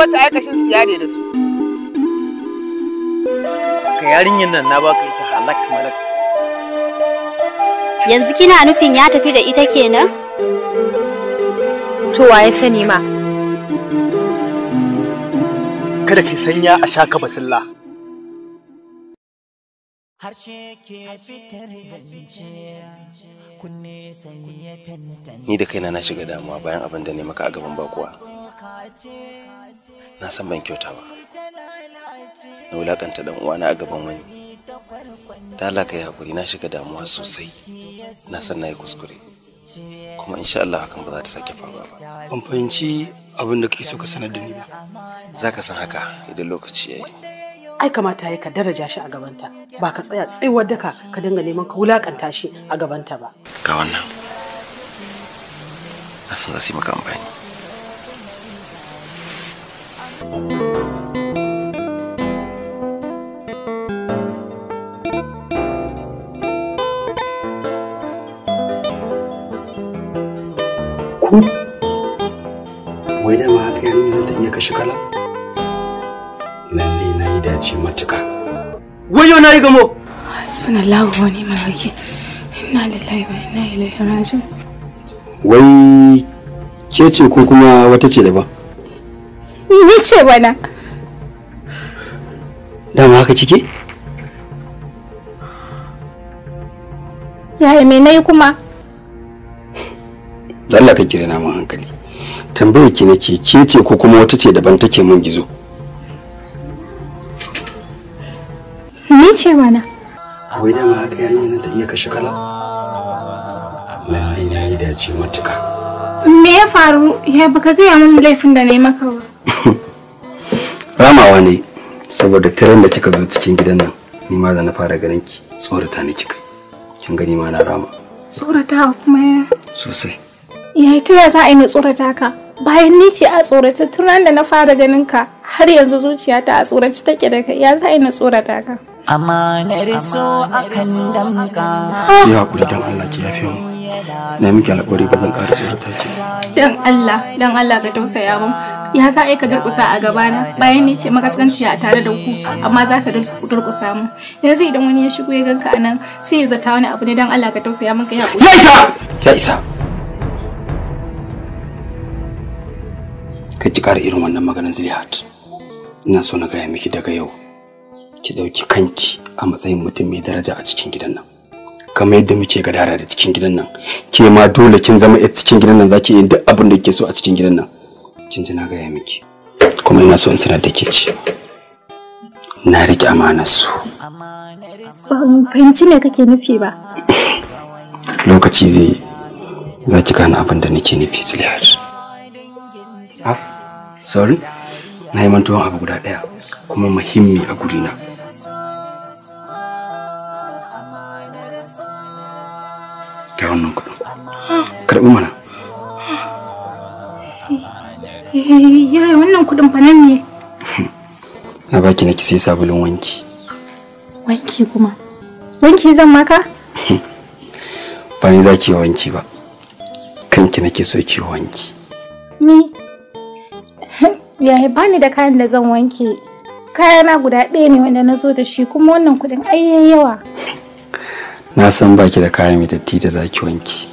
wata aikashin tsiya da su ka yarinyar nan na baka ita halak malak yanzu kina nufin ya tafi da ita kenan to wa sani ma kada ki sanya a sha ka basilla harshe ke fitar ni da kaina na shiga damuwa bayan abin da ne maka a gaban bakuwa na san ban kyauta ba na wulakanta dan uwana a gaban wani da Allah kai hakuri na shiga damuwa sosai na san nayi kuskure kuma insha Allah hakan ba za ta sake faruwa ba ban fahimci abin da kake so ka sanar da ni ba zaka san haka idan lokaci yayi ai kamata ya ka daraja shi a gabanta ba ka tsaya tsayuwar daka ka dinga neman ka wulakanta shi a gabanta ba ga wannan na san za su yi maka amfani ku wai dama haka yarinya ta iya kashe kala lalace matuka wayo na yi gamo subhanallahu wa ni'mal wakil inna lillahi wa inna ilaihi raji'un wai ke ce ko kuma wata ce daban ni ce bana dama haka kike yaya me yi kuma Allah ka kire na hankali tambayar ki nake ke ce ko kuma wata ce daban take mun gizo Ni ce mana. A wai dama haka yarinya nan ta iya kashe kala? Lallai na yi dace matuka. Me ya faru? Ya baka gaya min laifin da na yi maka ba. Ramawa ne saboda tiran da kika zo cikin gidan nan ni ma da na fara ganin ki tsorata ni kika. Kin gani ma na rama. Tsorata kuma sosai. Yayi ta za a yi na tsorata ka? Bayan ni ce a tsorata tun da na fara ganin ka har yanzu zuciyata a tsoraci take da kai ya za a yi na tsorata ka? amanar a kan damka y'a haƙuri dan Allah ki yafe mu na miki alƙawari ba zan ƙara tsorata ki dan Allah dan Allah ka tausaya mu ya sa ka durƙusa a gabana bayan ni ce makaskanci a tare da ku amma za ka durƙusa mu yanzu idan wani ya shigo ya ganka anan sai ya zata wani abu ne dan Allah ka tausaya min ka ya ya isa ya isa ka ki ƙara irin wannan maganar zilihat ina so na gaya miki daga yau ki ɗauki kanki a matsayin mutum mai daraja a cikin gidan nan kamar yadda muke dara da cikin gidan nan ke ma dole kin zama a cikin gidan nan zaki yin duk abin da kike so a cikin gidan nan kin ji na gaya miki kuma ina so in sanar da ke ci na riƙe amanar su ban fahimci me kake nufi ba lokaci zai za gane abin da nake nufi ziliyar sorry na yi mantuwan abu guda ɗaya kuma muhimmi a gurina. na wannan kuɗin karɓi mana yaya wannan kuɗin fa nan ne na baki na sai sabulun wanki wanki kuma wanki zan maka ba ni za ki wanki ba kanki nake so ki wanki ni yaya ba ni da kayan da zan wanke kayana guda ɗaya ne wanda na zo da shi kuma wannan kuɗin ai yawa na san baki da kaya mai datti da zaki wanke,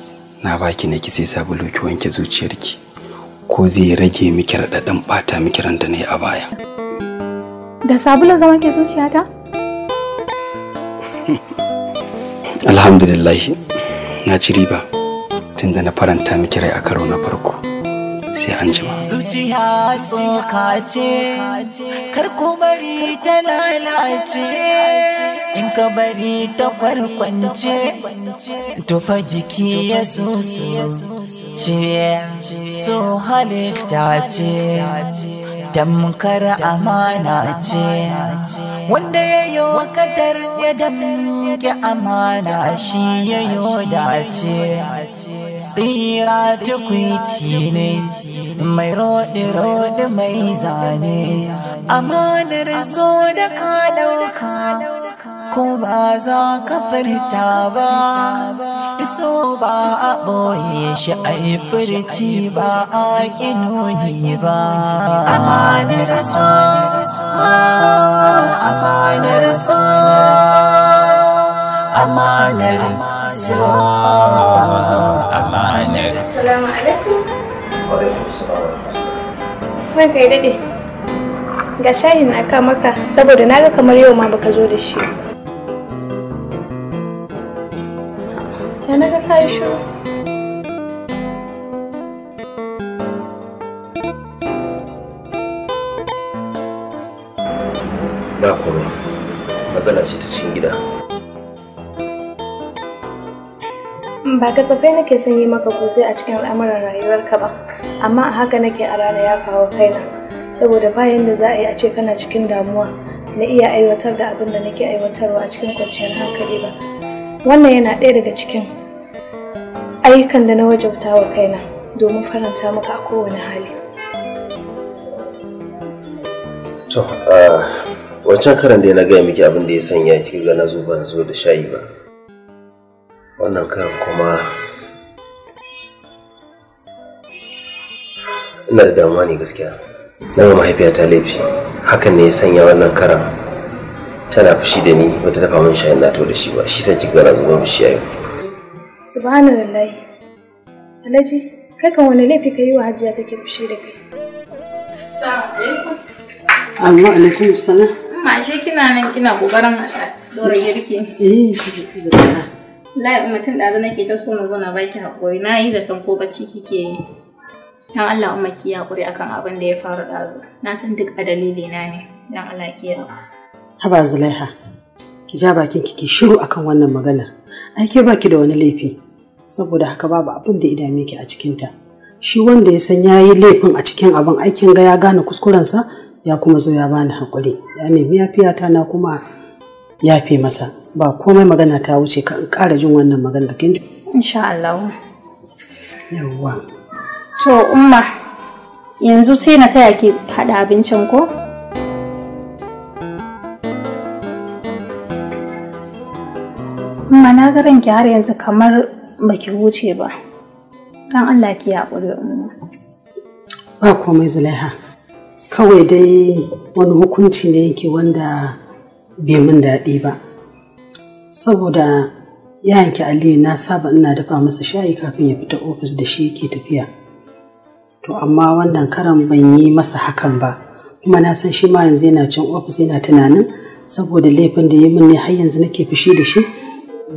na baki na ki sai sabulu ki wanke zuciyarki ko zai rage miki raɗaɗin ɓata miki ran da na a baya da sabulun za wanke zuciyata alhamdulillah na ci riba tunda na faranta miki rai a karo na farko sai an jima. Zuciya tsoka ce, kar bari ta lalace, in ka bari ta kwarkwance, tufa jiki ya zuzu ce, so halitta ce. Damkar amana ce, wanda ya yi wa kadar ya damke amana shi ya yi dace. tsira tukwici ne mai roɗe-roɗe mai zane amanar zo da ka ɗauka ko ba za ka furta ba so ba a ɓoye shi a yi furci ba a ƙinoni ba amanar so so Assalamu alaikum. Wa alaikum salam. kai dade. Ga shayin na ka maka saboda naga kamar yau ma baka zo da shi. Ya naga ka yi shiru. Ba kuma Matsala ce ta cikin gida. Ba ka kasafai nake son yi maka kusai a cikin al'amuran rayuwarka ba, amma a haka nake a rana ya kawo kaina, saboda bayan da za a yi a ce kana cikin damuwa na iya aiwatar da abin da nake aiwatarwa a cikin kwanciyar hankali ba. Wannan yana ɗaya daga cikin ayyukan da na wajabta wa kaina domin faranta maka a kowane hali. To, ah, wancan karan da na gaya miki abin da ya sanya ki ga na zo ban zo da shayi ba. wannan karan kuma ina da damuwa ne gaskiya na mahaifiyata laifi hakan ne ya sanya wannan karan tana fushi da ni wata dafa min shayin na da shi ba shi sa kika gara zuwa fushi yayi subhanallahi alhaji kai kan wani laifi kai wa hajiya take fushi da kai assalamu alaikum amma alaikum assalam amma ashe kina nan kina kokarin dora girki eh Lai mutum ɗazu nake ta so na zo na baki hakuri. na yi zaton ko bacci kike yi. Dan Allah umma ki haƙuri akan abin da ya faru ɗazu. Na san duk a dalili na ne. Dan Allah ki yi Haba Zulaiha, ki ja bakin ki shiru akan wannan magana. Ai ke baki da wani laifi. Saboda haka babu abin da idame ki a cikinta. Shi wanda ya san yayi laifin a cikin abin aikin ga ya gane kuskurensa ya kuma zo ya bani hakuri. Ya nemi yafiyata na kuma ya fi masa ba komai magana ta wuce ka ƙara jin wannan magana da kin insha Allah yawwa to umma yanzu sai na taya ki hada abincin ko umma na ga ranki har yanzu kamar baki wuce ba dan Allah ki haƙuri umma ba komai zulaiha kawai dai wani hukunci ne yake wanda bai mun daɗi ba saboda yayanki aliyu na saba ina dafa masa shayi kafin ya fita ofis da shi yake tafiya to amma wannan karan ban yi masa hakan ba kuma na san shi ma yanzu yana cin ofis yana tunanin saboda laifin da ya mun ne har yanzu nake fushi da shi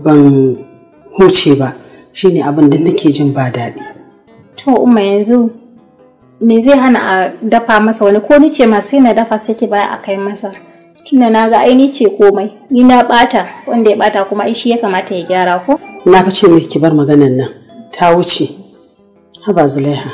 ban huce ba shine abin da nake jin ba daɗi to umma yanzu me zai hana a dafa masa wani ko ni ce ma sai na dafa sai ke baya a kai masa tunda na ga aini ce komai ni na bata wanda ya bata kuma shi ya kamata ya gyara ko na fi ce mai kibar maganan nan ta wuce haba zulaiha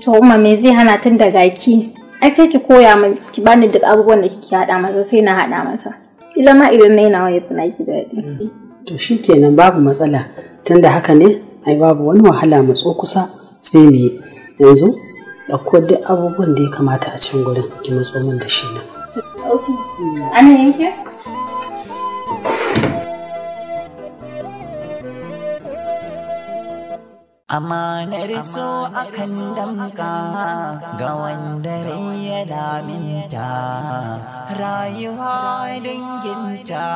to umma me zai hana tun daga ki ai sai ki koya min ki bani duk abubuwan da kike hada masa sai na hada masa ila ma idan na yana waye fina ki daɗi mm. to shikenan babu matsala tunda haka ne ai babu wani wahala matso kusa sai mu yanzu ɗauko duk abubuwan da ya kamata a cikin gurin ki matso min da shi na. Ana yanke? Amanar so akan damka ga wanda ya daminta, rayuwa danginta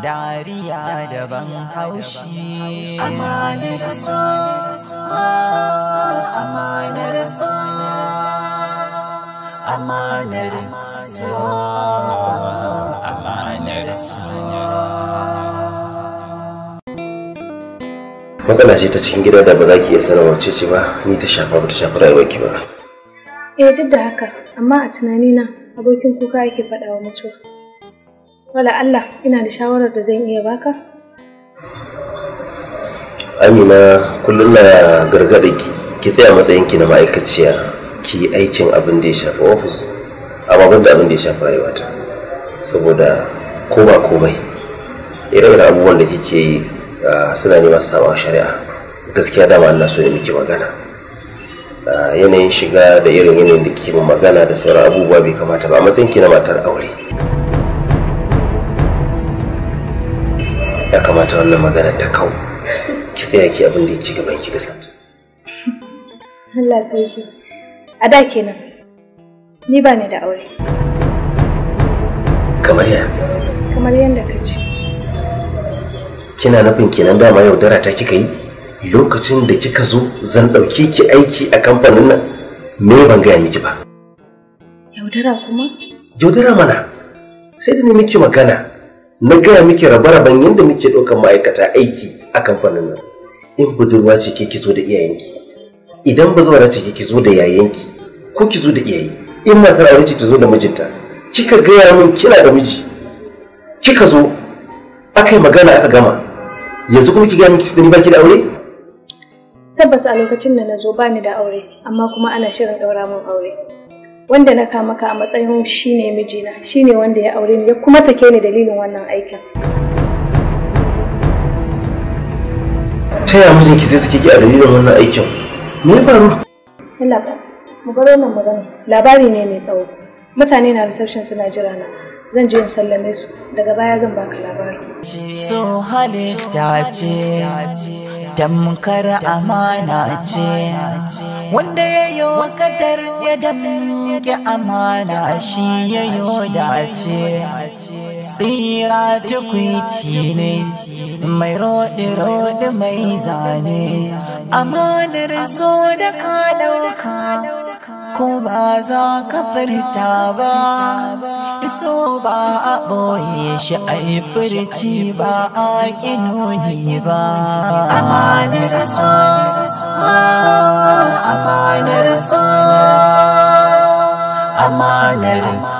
dariya daban haushi. Amanar so, amanar so. amanar so amanar so matsala ce ta cikin gida da ba za ki iya sanarwa ce ce ba ni ta shafa ba ta shafi rayuwar ki ba eh duk da haka amma a tunanina abokin kuka yake faɗa wa mutuwa wala Allah ina da shawarar da zan iya baka Amina kullum na gargaɗa ki ki tsaya matsayinki na ma'aikaciya ki aikin abin da ya shafi ofis amma ban da abin da ya shafi rayuwata saboda ko ba komai irin abubuwan da kike yi suna nema sawa shari'a gaskiya dama Allah so ne muke magana yanayin shiga da irin yanayin da ke magana da sauran abubuwa bai kamata ba a matsayin ki na matar aure ya kamata wannan magana ta kau ki tsaya ki abin da yake gaban ki gaskiya Allah sai A da kenan. Ni ba ni da aure. Kamar ya? Kamar yadda ka ce. Kina nufin kenan dama yaudara ta kika yi? Lokacin da kika zo zan ɗauki ki aiki a kamfanin nan me ban gaya miki ba. Yaudara kuma? Yaudara mana. Sai da ni miki magana na gaya miki rabe-raben yadda muke ɗaukar ma'aikata aiki a kamfanin nan. In budurwa ce ke ki da iyayenki. idan ba zuwa ciki ki zo da yayanki ko ki zo da iyaye in matar aure ce ta zo da mijinta kika gaya min kina da miji kika zo aka yi magana aka gama yanzu kuma ki gaya min ki ba ki da aure tabbas a lokacin da na zo ba ni da aure amma kuma ana shirin ɗaura min aure wanda na kama ka a matsayin shine mijina shine wanda ya aure ni ya kuma sake ni dalilin wannan aikin ta yaya mijinki zai sake ki a dalilin wannan aikin me ya faru Allah ba mu bar wannan magana labari ne mai tsawo mutane na reception suna jira na zan je in sallame su daga baya zan baka labari so halitta ce damkar amana ce wanda ya yi kadar ya damke amana shi ya yi dace tsira tukwici ne mai roɗe-roɗe mai zane amanar rizo da ka ɗauka ko ba za ka furta ba so ba a ɓoye shi a yi furci ba a ƙinoni ba amanar rizo amma so rizo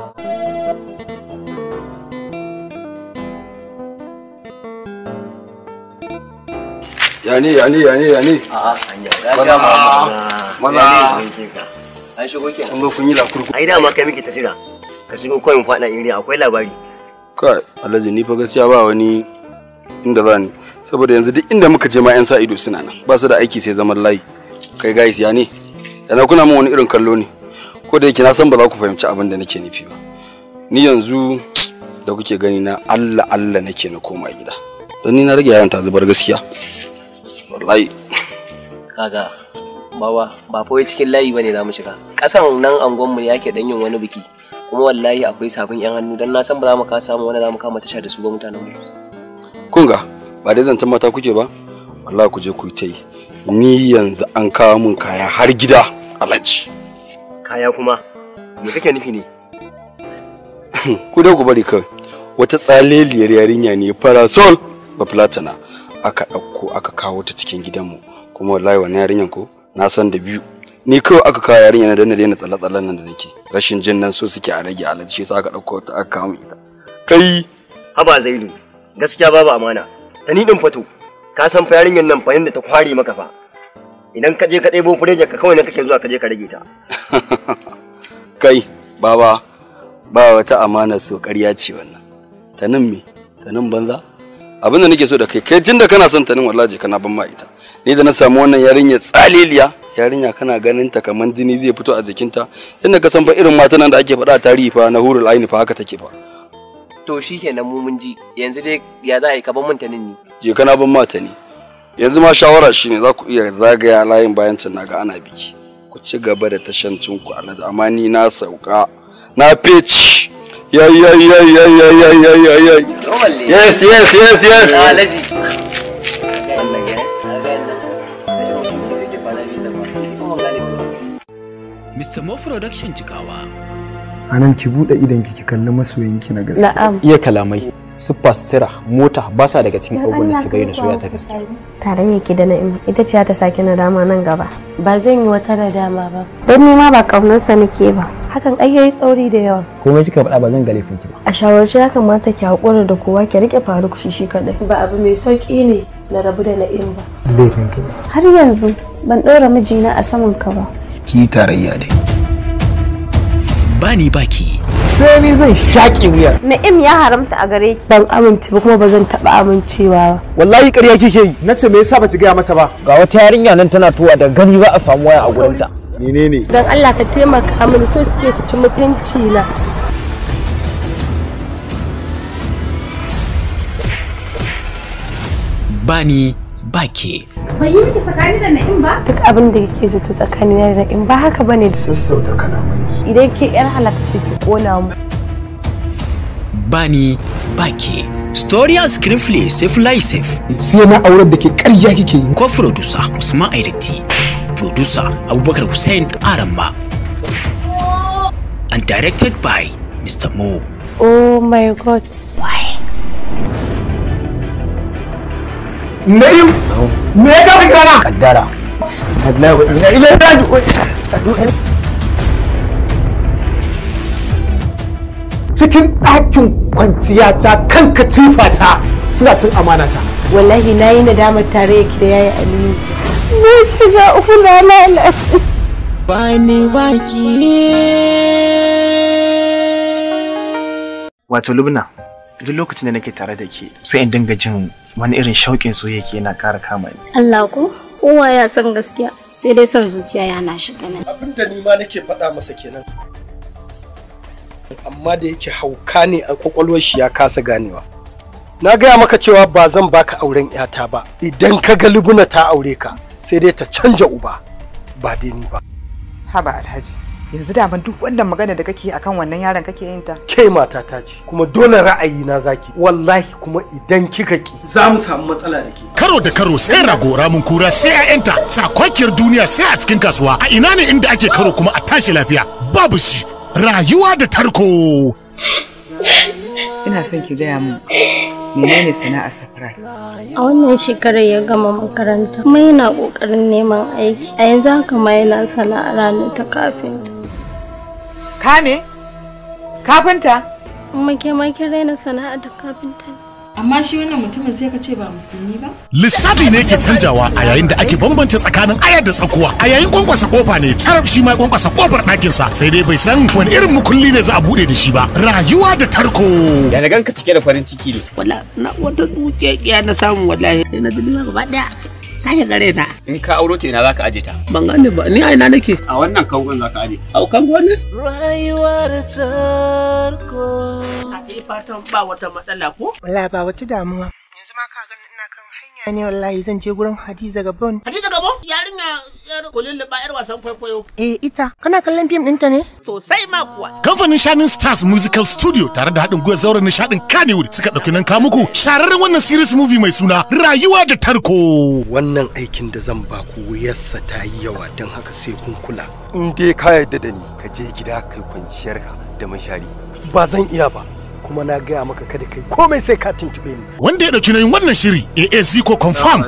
yani yani yani yani a'a maza maza an shigo kenan kun kun yi lakurku ai dama kai miki tasira ka shigo koyin faɗa iri akwai labari kai alhaji ni fa gaskiya ba wani inda za ni saboda yanzu duk inda muka je ma yan sa ido suna nan ba su da aiki sai zaman layi kai guys ya ne yana kuna min wani irin kallo ne ko da yake na san ba za ku fahimci abin da nake nufi ba ni yanzu da kuke gani na Allah Allah nake na koma gida don ni na rage yaran ta zubar gaskiya wallahi kaga bawa ba fa wai cikin layi bane za mu shiga kasan nan angon mu yake dan yin wani biki kuma wallahi akwai sabon yan hannu dan na san ba za mu kasa samu wani za mu kama tasha da su ba mutanen mu kun ga ba dai zancen mata kuke ba wallahi ku je ku yi ta yi ni yanzu an kawo mun kaya har gida alaji kaya kuma me kake nufi ne ku dai ku bari kawai wata tsaleliyar yarinya ne parasol ba platana aka ɗauko aka kawo ta cikin gidanmu kuma wallahi wannan yarinyan ko na san da biyu ni kawai aka kawo yarinya na danna daina tsalle-tsallen nan da nake rashin jin nan so suke a rage alaji shi yasa aka ɗauko ta aka kawo ita kai haba zaidu gaskiya babu amana ta ni din fato ka san fa yarinyan nan fa yanda ta kware maka fa idan ka je ka ɗebo furejar ka kawai ne kake zuwa ka je ka rage ta kai baba ba wata amana so ƙarya ce wannan ta nan me ta nan banza abinda nake so da kai kai jinda kana son ta nin wallahi kana ban ma ita ni da na samu wannan yarinya tsaleliya yarinya kana ganin ta kaman jini zai fito a jikinta Inda ka san fa irin matan da ake faɗa tarihi fa na hurul aini fa haka take fa to shikenan mu mun ji yanzu dai ya za a yi ka ban nin ni je kana ban mata ni yanzu ma shawara shine za ku iya zagaya layin bayan can naga ana biki ku ci gaba da tashancin ku amma ni na sauka na fece yai yai yai yai yai yai yai yai yai yes yes yes yes alaji Mr. Mo Production Jigawa. A nan ki buɗe idan ki kalli masoyinki na gaske. Na'am. Iya kalamai. Siffa sutura mota ba sa daga cikin abubuwan da suka bayyana soyayya ta gaske. Tarayya ki da na'ima ita ce ta sake nadama nan gaba. Ba zan yi wata nadama ba. Don ni ma ba ƙaunarsa nake ba. hakan ai yayi tsauri da yawa komai kika faɗa ba zan ga laifin ki ba a shawarce ya kamata ki haƙura da kowa ki rike faruk shi shi kadai ba abu mai sauki ne na rabu da in ba laifin ki har yanzu ban ɗora mijina a saman ka ba ki tarayya dai bani baki sai ni zan shaƙe wuya na'im ya haramta a gare ki ban amince ba kuma ba zan taɓa amincewa ba wallahi ƙarya kike yi nace me yasa bata gaya masa ba ga wata yarinya nan tana tuwa da gani ba a samu waya a gurinta menene don Allah ka taimaka mini so suke su ci mutunci na bani ba ke bai yi ki tsakani da na'im ba duk abin da yake zato tsakani da na'im ba haka bane sassauta kalamanki idan ke yar halarci ki kona mu bani ba ke Storia Scriffly Safe Life Safe. Sai na aurar da ke ƙarya kike yi. Ko Furodusa Usman Aidati producer Abubakar Hussein Aramma. And directed by Mr. Mo. Oh my god. Why? Mayu! Me ya gaba na. Kaddara. Cikin ɗakin kwanciya ta kan katifa ta suna cin amana ta. Wallahi na yi nadamar tare ki da yayi Aminu. shiga uku na lalace bani baki wato lubna duk lokacin da nake tare da ke sai in dinga jin wani irin shauƙin soyayya ke yana ƙara kama ni Allah ko kowa ya san gaskiya sai dai son zuciya yana shiga nan abin da ni ma nake faɗa masa kenan amma da yake hauka ne a kwakwalwar shi ya kasa ganewa na gaya maka cewa ba zan baka auren 'yata ba idan ka ga lubuna ta aure ka sai dai ta canja uba ba dai ba haba alhaji yanzu da duk wannan magana da kake akan wannan yaron kake yin ta ke mata ta ce kuma dole ra'ayi na zaki wallahi kuma idan kika ki za mu samu matsala da ke karo da karo sai rago ramin kura sai a yanta kwakiyar duniya sai a cikin kasuwa a ina ne inda ake karo kuma a tashi lafiya babu shi rayuwa da tarko ina son ki gaya min menene sana'ar safras a wannan shekarar ya gama makaranta kuma yana kokarin neman aiki a yanzu haka ma yana sana'ar ranar ta kafinta kame kafinta kuma ke ma kin raina sana'ar ta kafinta Amma shi wannan mutumin sai ka ce ba musulmi ba? Lissafi ne ke canjawa a yayin da ake bambanta tsakanin ayar da tsakuwa. A yayin kwankwasa kofa ne, carab shi ma kwankwasa kofar ɗakinsa. Sai dai bai san wani irin mukulli ne za a buɗe da shi ba. Rayuwa da tarko. Ya na ganka cike da farin ciki ne. Wala na wata dukiya na samu wallahi. Na duniya gaba ɗaya. ta gare ta. In ka auro ta ina za ka aje ta. Ban gane ba, ni a ina nake. A wannan kangon za ka aje. A kangon ne? Rayuwar tarko. A yi fatan ba wata matsala ko? Wala ba wata damuwa. Yanzu ma ka gani hanya ne wallahi zan je gurin Hadiza Gabon. Hadiza Gabon? Yarinya yar kulilli ba yar wasan kwaikwayo. Eh ita, kana kallon fim ɗinta ne? Sosai ma kuwa. Kamfanin Shining Stars Musical Studio tare da haɗin gwiwar zauren nishaɗin Kannywood suka ɗauki nan muku shararren wannan series movie mai suna Rayuwa da Tarko. Wannan aikin da zan ba ku wuyarsa ta yi yawa don haka sai kun kula. In dai ka yarda da ni ka je gida kai kwanciyarka da mashari. Ba zan iya ba. kuma na gaya maka kada kai komai sai ka tuntube ni wanda ya dauki nayin wannan shiri AAC ko confirm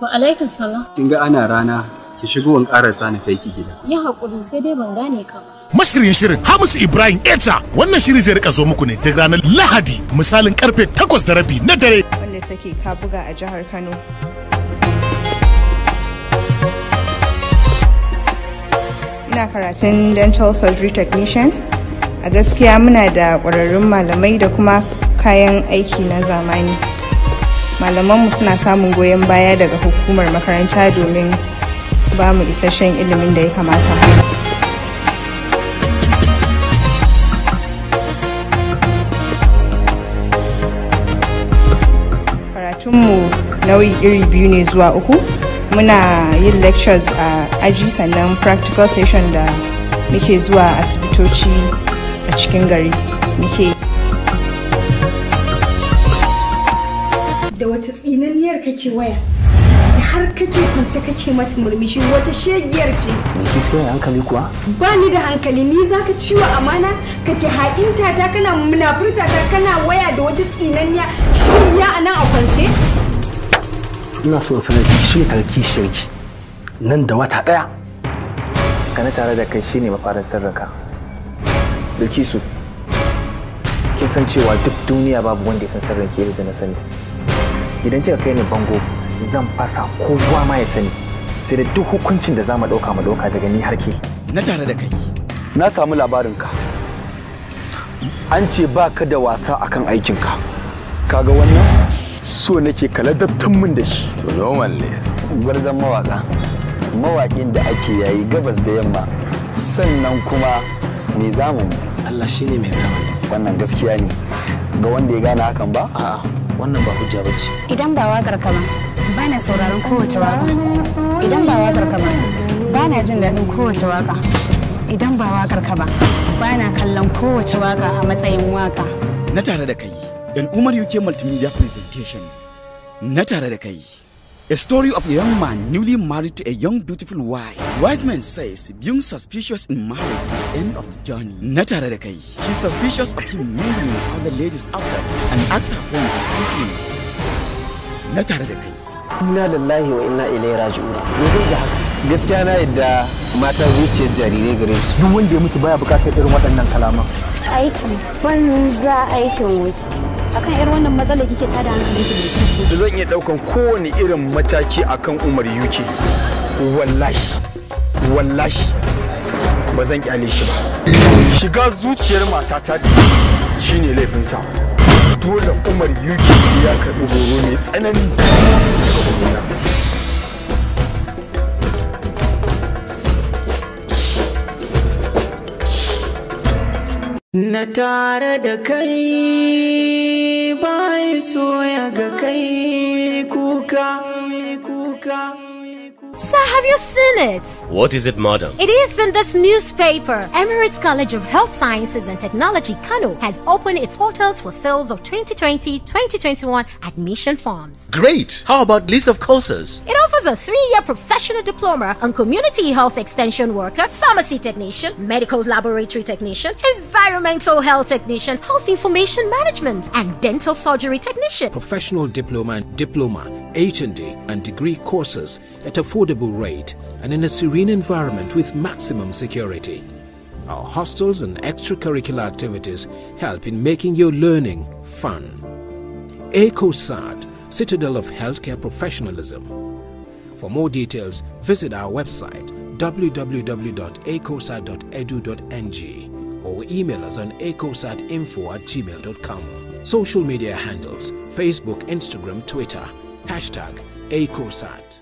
wa alaikum salam kin ga ana rana ki shigo in ƙara sani kai ki gida ya hakuri sai dai ban gane ka mashirin mashiryin shirin Hamisu Ibrahim Eta wannan shiri zai rika zo muku ne duk ranar Lahadi misalin karfe 8 da rabi na dare wanda take ka buga a jihar Kano ina karatun dental surgery technician a gaskiya muna da ƙwararrun malamai da kuma kayan aiki na zamani malamanmu suna samun goyon baya daga hukumar makaranta domin ba mu isasshen ilimin da ya kamata karatunmu nau'i iri biyu ne zuwa uku muna yin lectures a aji sannan practical session da muke zuwa asibitoci a cikin gari muke da wata tsinanniyar kake waya da har kake kwance kake mata murmushi wata shegiyar ce gaskiya hankali kuwa ba ni da hankali ni zaka ciwo amana kake ha'inta ta kana munafurta ta kana waya da wata tsinanniya shegiya a nan a kwance ina so sanar da shi tarki shirki nan da wata daya Kana tare da kai shine mafarin sirrinka dauki su kin san cewa duk duniya babu wanda ya san sirrin ke da na sani idan kika kai ni bango zan fasa kowa ma ya sani sai da duk hukuncin da za mu ɗauka mu ɗauka daga ni har ke na tare da kai na samu labarin ka an ce ba ka da wasa akan aikin ka kaga wannan so nake kala dattan min da shi to normal ne gwarzon mawaka mawakin da ake yayi gabas da yamma sannan kuma me zamu mu Allah shi ne mai zama. wannan gaskiya ne ga wanda ya gane hakan ba a'a wannan ba hujja bace idan ba wakar ka ba ba na sauraron kowace waka idan ba wakar ka ba ba na jin daɗin kowace waka idan ba wakar ka ba ba na kallon kowace waka a matsayin waka na tare da kai dan Umar UK Multimedia Presentation na tare da kai A story of a young man newly married to a young beautiful wife. Wise man says being suspicious in marriage is the end of the journey. Na tare da kai. She's suspicious of him meeting with other ladies outside and asks her friend to take him. Na tare da kai. Inna lillahi wa inna ilai raji'un. Me zai ji haka? Gaskiya na yadda mata zuciyar jarirai gare su. Duk wanda ya mutu baya bukatar irin waɗannan kalaman. Aikin za aikin wuta. akan yar wannan matsalar kike ta da hankali zan iya daukan kowane irin mataki akan umar UK, wallahi wallahi ba zan kyale shi ba shiga zuciyar matata da shine laifinsa dole umar yuke ya kaɗu horo mai tsanani na tare da kai پای سویا گکئی Sir, have you seen it? What is it, madam? It is in this newspaper. Emirates College of Health Sciences and Technology, Kano, has opened its portals for sales of 2020-2021 admission forms. Great! How about list of courses? It offers a three-year professional diploma on community health extension worker, pharmacy technician, medical laboratory technician, environmental health technician, health information management, and dental surgery technician. Professional diploma and diploma HND and degree courses at affordable rate and in a serene environment with maximum security. Our hostels and extracurricular activities help in making your learning fun. ACOSAT, Citadel of Healthcare Professionalism. For more details, visit our website www.acosat.edu.ng or email us on acosatinfo at gmail.com. Social media handles Facebook, Instagram, Twitter Hashtag ACOSAT.